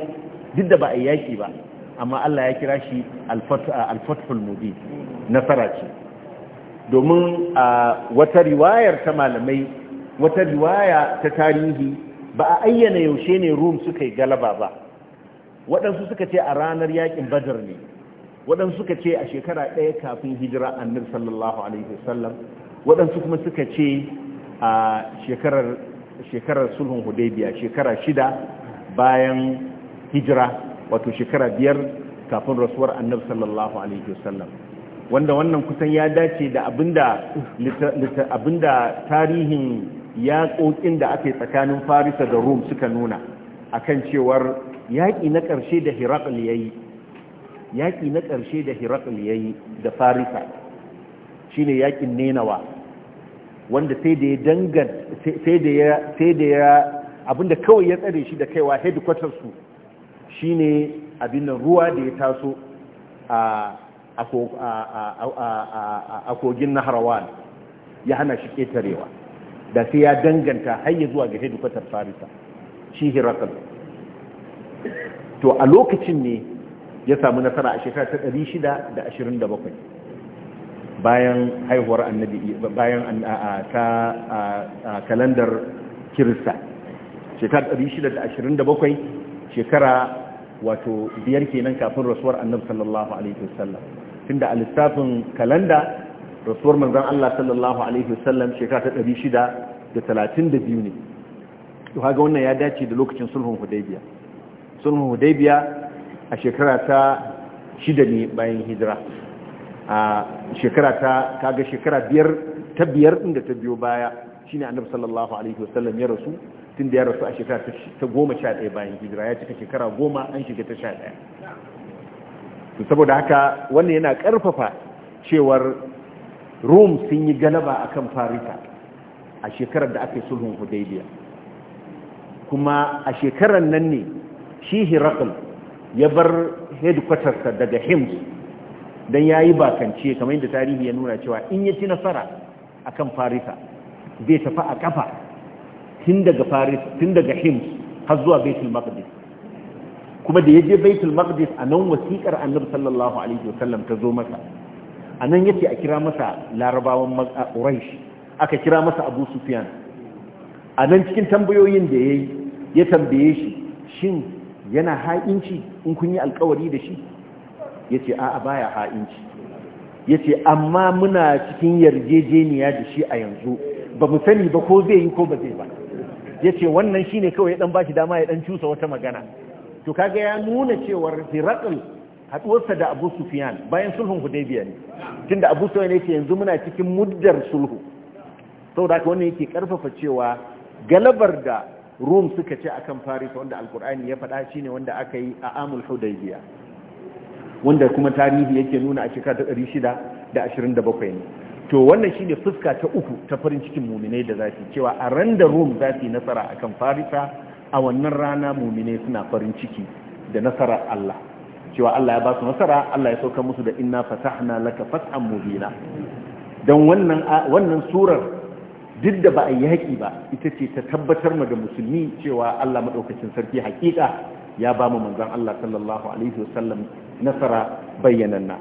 duk da ba a yaki ba amma Allah ya kira shi al al mubin nasara ce domin a wata riwayar ta malamai wata riwaya ta tarihi ba a ayyana yaushe ne rum suka yi galaba ba waɗansu suka ce a ranar yakin badar ne waɗansu suka ce a shekara ɗaya kafin hijira annabi sallallahu alaihi wasallam waɗansu kuma suka ce a shekarar shekarar sulhun hudaybiya shekara shida bayan hijira wato shekara biyar kafin rasuwar annabi sallallahu alaihi wasallam wanda wannan kusan ya dace da abinda tarihin yaƙoƙin da aka yi tsakanin farisa da rum suka nuna a kan cewar yaƙi na ƙarshe da hirakul ya yi da ya yi da farisa shi ne yaƙin nenawa wanda sai da ya dangar sai da ya abinda kawai ya tsare shi da kaiwa headquarters su shi ne abin ruwa da ya taso a a kogin naharawan ya hana shi ƙetarewa da sai ya danganta hanyar zuwa ga hedikwatar farisa shi hirakal to a lokacin ne ya samu nasara a shekara ta 627 bayan haihuwar annabi bayan ta kalandar kirista shekara 627 shekara wato biyar kenan kafin rasuwar annabi sallallahu alaihi wasallam tunda a lissafin kalanda rasuwar manzon Allah sallallahu alaihi wasallam shekara ta 632 ne to haga wannan ya dace da lokacin sulhun hudaibiya sulhun hudaibiya a shekara ta shida ne bayan hijira a shekara ta kaga shekara biyar ta biyar inda da ta biyo baya shine annabi sallallahu alaihi wasallam ya rasu tun da ya rasu a shekara ta goma sha ɗaya bayan hijira ya cika shekara goma an shiga ta sha ɗaya saboda haka wannan yana karfafa cewar rome sun yi galaba akan farita a shekarar da aka yi sulhun hudaybiya kuma a shekarar nan ne shi hirakul ya bar headquartersa daga hims don ya yi bakance kamar yadda tarihi ya nuna cewa in ya ci nasara akan farisa zai tafi a kafa tun daga hims har zuwa baitul maqdis kuma da yaje baitul maqdis a nan wasiƙar annabi sallallahu alaihi wasallam ta zo masa a nan yace a kira masa larabawan quraish aka kira masa abu sufyan a nan cikin tambayoyin da yayi ya tambaye shi shin yana ha'inci in kun yi alkawari da shi yace a'a baya ha'inci yace amma muna cikin yarjejeniya da shi a yanzu ba mu sani ba ko zai yi ko ba zai ba yace wannan shine kawai dan bashi dama ya dan cusa wata magana to kaga ya nuna cewar hirakul haduwarsa da abu sufiyan bayan sulhun hudaybiya ne tunda abu sufiyan yake yanzu muna cikin muddar sulhu saboda haka wannan yake karfafa cewa galabar da rum suka ce akan faris wanda alkur'ani ya faɗa shine wanda aka yi a amul hudaybiya wanda kuma tarihi yake nuna a shekara ta 627 ne to wannan shine fuska ta uku ta farin cikin muminai da zafi cewa a ran da rum zasu yi nasara akan farisa a wannan rana mumine suna farin ciki da nasara Allah cewa Allah ya ba su nasara Allah ya sauka musu da inna fatahna laka fathan mubina dan wannan wannan surar duk da ba a yi haƙi ba ita ce ta tabbatar ma da musulmi cewa Allah madaukakin sarki hakika ya ba mu manzon Allah sallallahu alaihi wasallam nasara bayyananna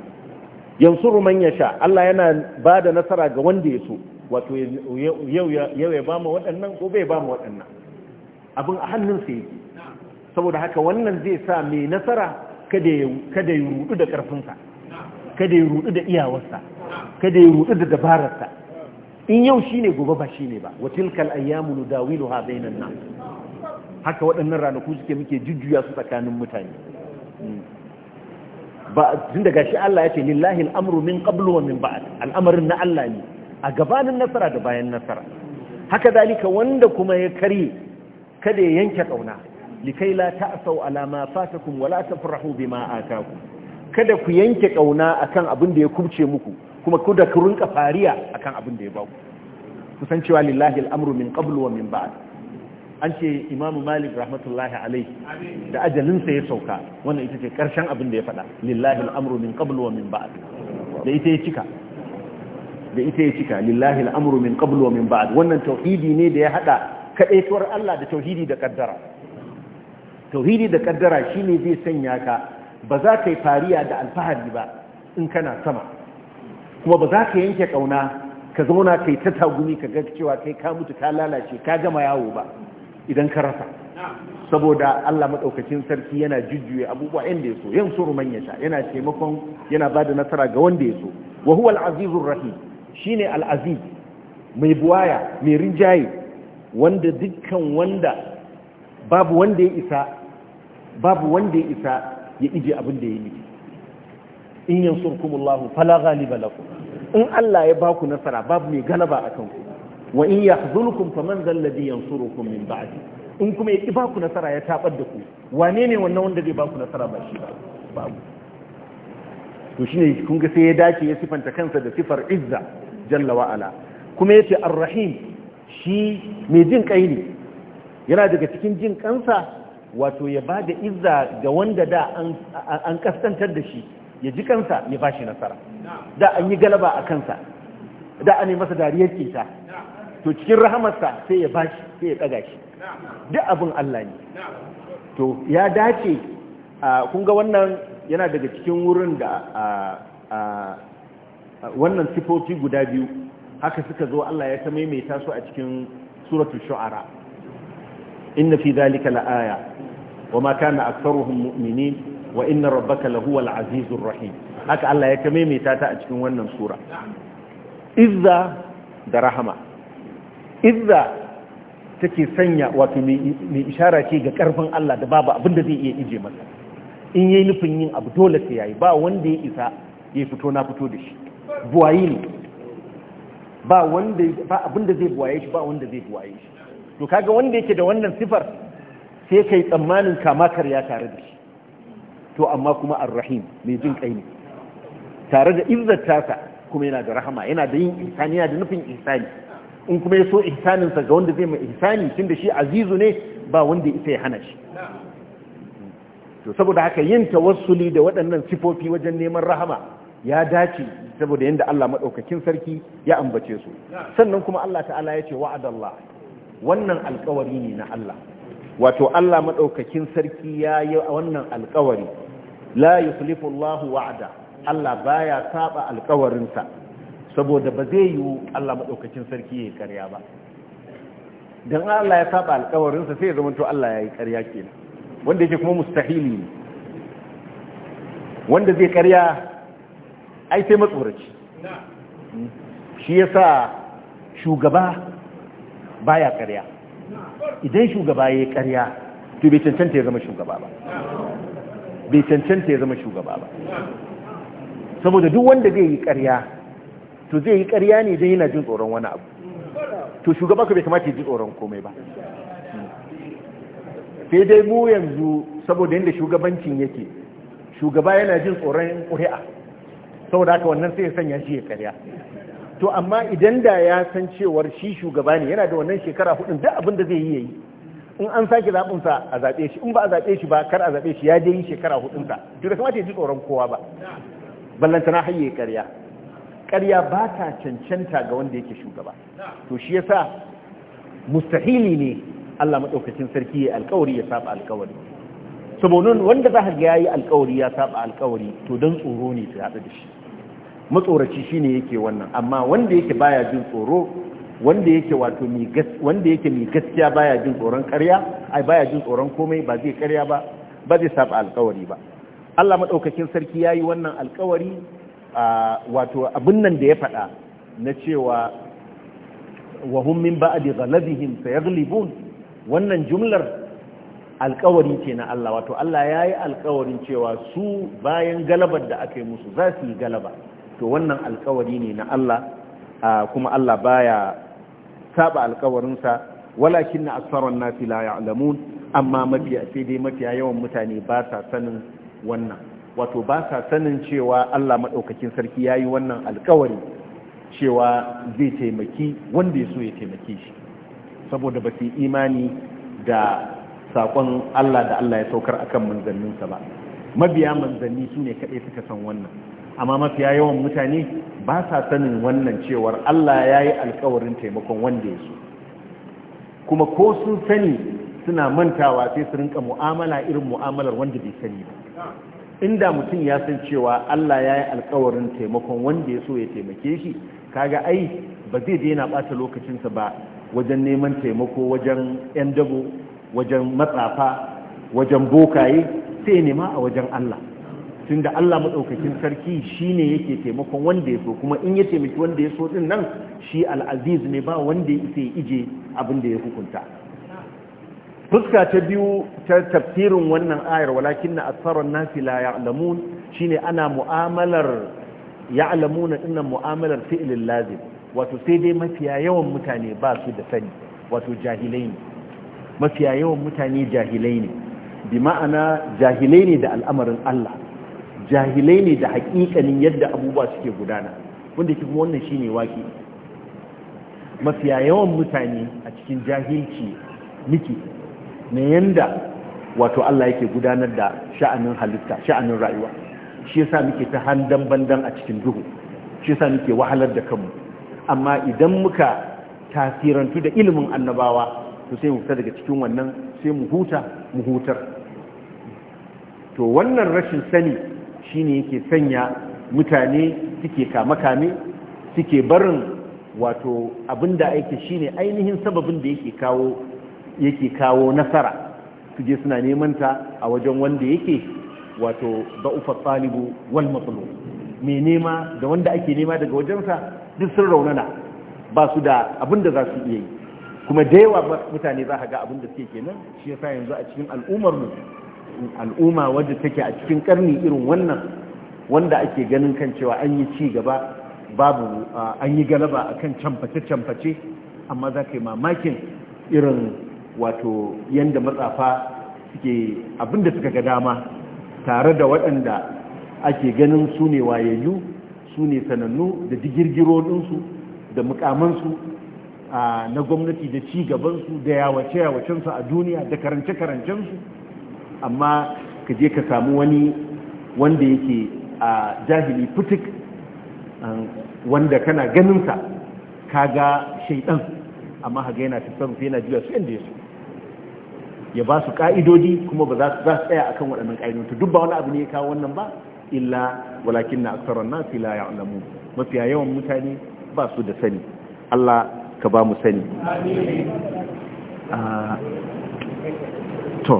yansuru man yasha Allah yana bada nasara ga wanda ya so wato yau ya ba mu waɗannan ko bai ba mu waɗannan abin a hannunsa yake saboda haka wannan zai sa mai nasara kada ya rudu da ƙarfinsa kada ya rudu da iyawarsa kada ya rudu da dabararsa in yau shi ne gobe ba shi ne ba watilkal ayyamu nudawilu ha bainan nan haka waɗannan ranaku suke muke jujjuya su tsakanin mutane hmm. ba tun daga shi Allah ya ce lillahi al'amru min qablu wa min ba'd al'amarin na Allah ne a gabanin nasara da bayan nasara haka dalika wanda kuma ya kare kada ya yanke kauna likai la ta'sau ala ma fatakum wala tafrahu bima atakum kada ku yanke kauna akan abin da ya kubce muku kuma ku ku rinka fariya akan abin da ya Ku kusan cewa lillahi al'amru min qablu wa min ba'd an ce imamu malik rahmatullahi alayhi da sa ya sauka wannan ita ce karshen abin da ya faɗa lillahi al'amru min qablu wa min ba'd da ita ya cika da ita ya cika lillahi al'amru min qablu wa min ba'd wannan tauhidi ne da ya hada kaɗaituwar Allah da tauhidi da ƙaddara tauhidi da ƙaddara shi ne zai sanya ka ba za ka yi fariya da alfahari ba in kana sama kuma ba za ka yanke ƙauna ka zauna kai ta tagumi ka ga cewa kai ka mutu ka lalace ka gama yawo ba idan ka rasa saboda Allah maɗaukacin sarki yana jujjuye abubuwa inda ya so yan suru manya sha yana taimakon yana ba da nasara ga wanda ya so wa huwa azizur rahim shine al'aziz mai buwaya mai rinjaye wanda dukkan wanda babu wanda ya isa babu wanda ya isa ya ije abin da ya yi in yansurkumullahu fala ghaliba lakum in Allah ya baku nasara babu mai galaba akan ku wa in yahzulukum faman zal ladhi yansurukum min ba'di in kuma ya ki baku nasara ya tabar da ku wane ne wannan wanda zai baku nasara ba shi ba babu to shine kun ga sai ya dace ya sifanta kansa da sifar izza jalla wa ala kuma yace ar-rahim shi mai jin kai ne yana daga cikin jin kansa wato ya ba da izza ga wanda da an kaskantar da shi ya ji kansa ya ba shi nasara da an yi galaba a kansa da an yi masa dariyar keta to cikin rahamarsa sai ya ba shi sai ya tsaga shi duk abin Allah ne to ya dace kun ga wannan yana daga cikin wurin da wannan sifofi guda biyu haka suka zo Allah ya ta maimaita su a cikin suratul shu'ara inna fi dhalika la'aya wama kana aktharuhum mu'minin wa inna rabbaka lahuwal azizur rahim haka Allah ya ta maimaita ta a cikin wannan sura izza da rahama izza take sanya wato mai ishara ce ga karfin Allah da babu abin da zai iya ije masa in yayi nufin yin abu dole sai yayi ba wanda ya isa ya fito na fito da shi buwayi ba wanda ba abinda zai buwaye shi ba wanda zai buwaye shi to kaga wanda yake da wannan sifar sai kai tsammanin kama karya tare da shi to amma kuma ar-rahim mai jin kai ne tare da izzar tasa kuma yana da rahama yana da yin ihsani yana da nufin ihsani in kuma ya so sa ga wanda zai mai ihsani tun da shi azizu ne ba wanda isa ya hana shi to saboda haka yin tawassuli da waɗannan sifofi wajen neman rahama ya dace saboda yadda Allah maɗaukakin sarki ya ambace su sannan kuma Allah ta'ala ya ce wa'adallah wannan alkawari ne na Allah wato Allah maɗaukakin sarki ya yi wannan alkawari la yukhlifu wa'ada Allah baya saba alkawarinsa saboda ba zai yi Allah maɗaukakin sarki ya karya ba dan Allah ya saba alkawarinsa sai ya zama to Allah ya yi karya kenan wanda yake kuma mustahili ne wanda zai karya ai sai matsoraci shi yasa shugaba baya karya idan shugaba ya karya to bai cancanta ya zama shugaba ba bai cancanta ya zama shugaba ba saboda duk wanda zai yi karya to zai yi karya ne idan yana jin tsoron wani abu to shugaba ka bai kamata ya ji tsoron komai ba sai dai mu yanzu saboda yadda shugabancin yake shugaba yana jin tsoron ƙuri'a saboda haka wannan sai ya sanya shi ya karya to amma idan da ya san cewar shi shugaba ne yana da wannan shekara hudun duk abin da zai yi yayi in an sake zaɓin sa a zaɓe shi in ba a zaɓe shi ba kar a zaɓe shi ya dai yi shekara hudun sa to da kamata ya ji tsoron kowa ba ballantana har ya karya karya ba ta cancanta ga wanda yake shugaba to shi yasa mustahili ne Allah madaukakin sarki ya alƙawari ya saba alƙawari saboda wanda za ka ga yayi alƙawari ya saba alƙawari to dan tsoro ne ta hada da shi matsoraci shine yake wannan amma wanda yake baya jin tsoro wanda yake wato wanda yake mai gaskiya baya jin tsoron ƙarya ai baya jin tsoron komai ba zai ƙarya ba ba zai saba alƙawari ba Allah madaukakin sarki yayi wannan alƙawari wato abin nan da ya faɗa na cewa wa hum min ba'di ghalabihim sayghlibun wannan jumlar alƙawari ce na Allah wato Allah yayi alƙawarin cewa su bayan galabar da aka yi musu za su yi galaba to wannan alkawari ne na Allah kuma Allah baya saba alkawarinsa walakin na asfaron nasi la ya'lamun amma mafiya sai dai mafiya yawan mutane ba sa sanin wannan wato ba sa sanin cewa Allah madaukakin sarki yayi wannan alkawari cewa zai taimaki wanda ya so ya taimake shi saboda ba su imani da sakon Allah da Allah ya saukar akan manzanninsa ba mabiya manzanni su ne kaɗai suka san wannan amma mafiya yawan mutane ba sa sanin wannan cewar Allah ya yi alkawarin taimakon wanda ya so kuma ko sun sani suna mantawa sai su rinka mu'amala irin mu'amalar wanda bai sani ba inda mutum ya san cewa Allah ya yi alkawarin taimakon wanda ya so ya taimake shi kaga ai ba zai daina ɓata lokacinsa ba wajen neman taimako wajen 'yan dabo wajen matsafa wajen bokaye sai nema a wajen Allah Tun da Allah maɗaukakin sarki shi ne yake taimakon wanda ya so kuma in ya taimaki wanda ya so din nan shi al'aziz ne ba wanda ya sai ije abin da ya hukunta fuska ta biyu ta tafsirin wannan ayar walakin na asarar nasi la ya'lamun ne ana mu'amalar ya'lamuna dinnan mu'amalar fi'ilin lazim wato sai dai mafiya yawan mutane ba su da sani wato jahilai ne mafiya yawan mutane jahilai ne bi ma'ana jahilai ne da al'amarin Allah jahilai ne da hakikalin yadda abubuwa suke gudana wanda ke kuma wannan shine waki mafiya yawan mutane a cikin jahilci miki na yanda wato Allah yake gudanar da sha'anin halitta sha'anin rayuwa shi yasa muke ta handan bandan a cikin duhu shi yasa muke wahalar da kanmu amma idan muka tasirantu da ilimin annabawa to sai mu fita daga cikin wannan sai mu huta mu hutar to wannan rashin sani shine yake sanya mutane suke kame-kame suke barin wato abin da aiki shine ainihin sababin da yake kawo nasara su je suna nemanta a wajen wanda yake wato ba ufa talibu wal matsalo mai nema da wanda ake nema daga wajensa duk sun raunana ba su da abin da za su iya yi kuma da yawa mutane za ga abin da suke kenan shi yasa yanzu a cikin al'ummarmu? al'umma wadda take a cikin karni irin wannan wanda ake ganin kan cewa an yi ci gaba babu an yi galaba akan camface-camface amma za ka yi mamakin irin wato yadda matsafa suke abinda suka ga dama tare da waɗanda ake ganin su ne wayayyu su ne sanannu da digirgironinsu da mukamansu na gwamnati da ci gabansu da yawace-yawacensu a duniya da karance-karancensu amma ka je ka samu wani wanda yake a jahili fitik wanda kana ganin ganinsa kaga shaidan amma haga yana tasarrufi yana jiya su yanda ya ya ba su ka'idodi kuma ba za su tsaya akan waɗannan ka'idodi duk ba wani abu ne ya kawo wannan ba illa walakin na na nasi la ya'lamu mafiya yawan mutane ba su da sani Allah ka ba mu sani ah, to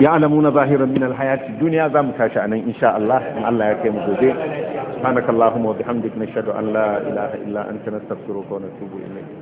ya alamuna zahirar minar hayati duniya za mu tashi anan insha Allah in Allah ya kai mu gobe subhanakallahumma wa bihamdika nashhadu an la ilaha illa anta nastaghfiruka wa natubu ilayk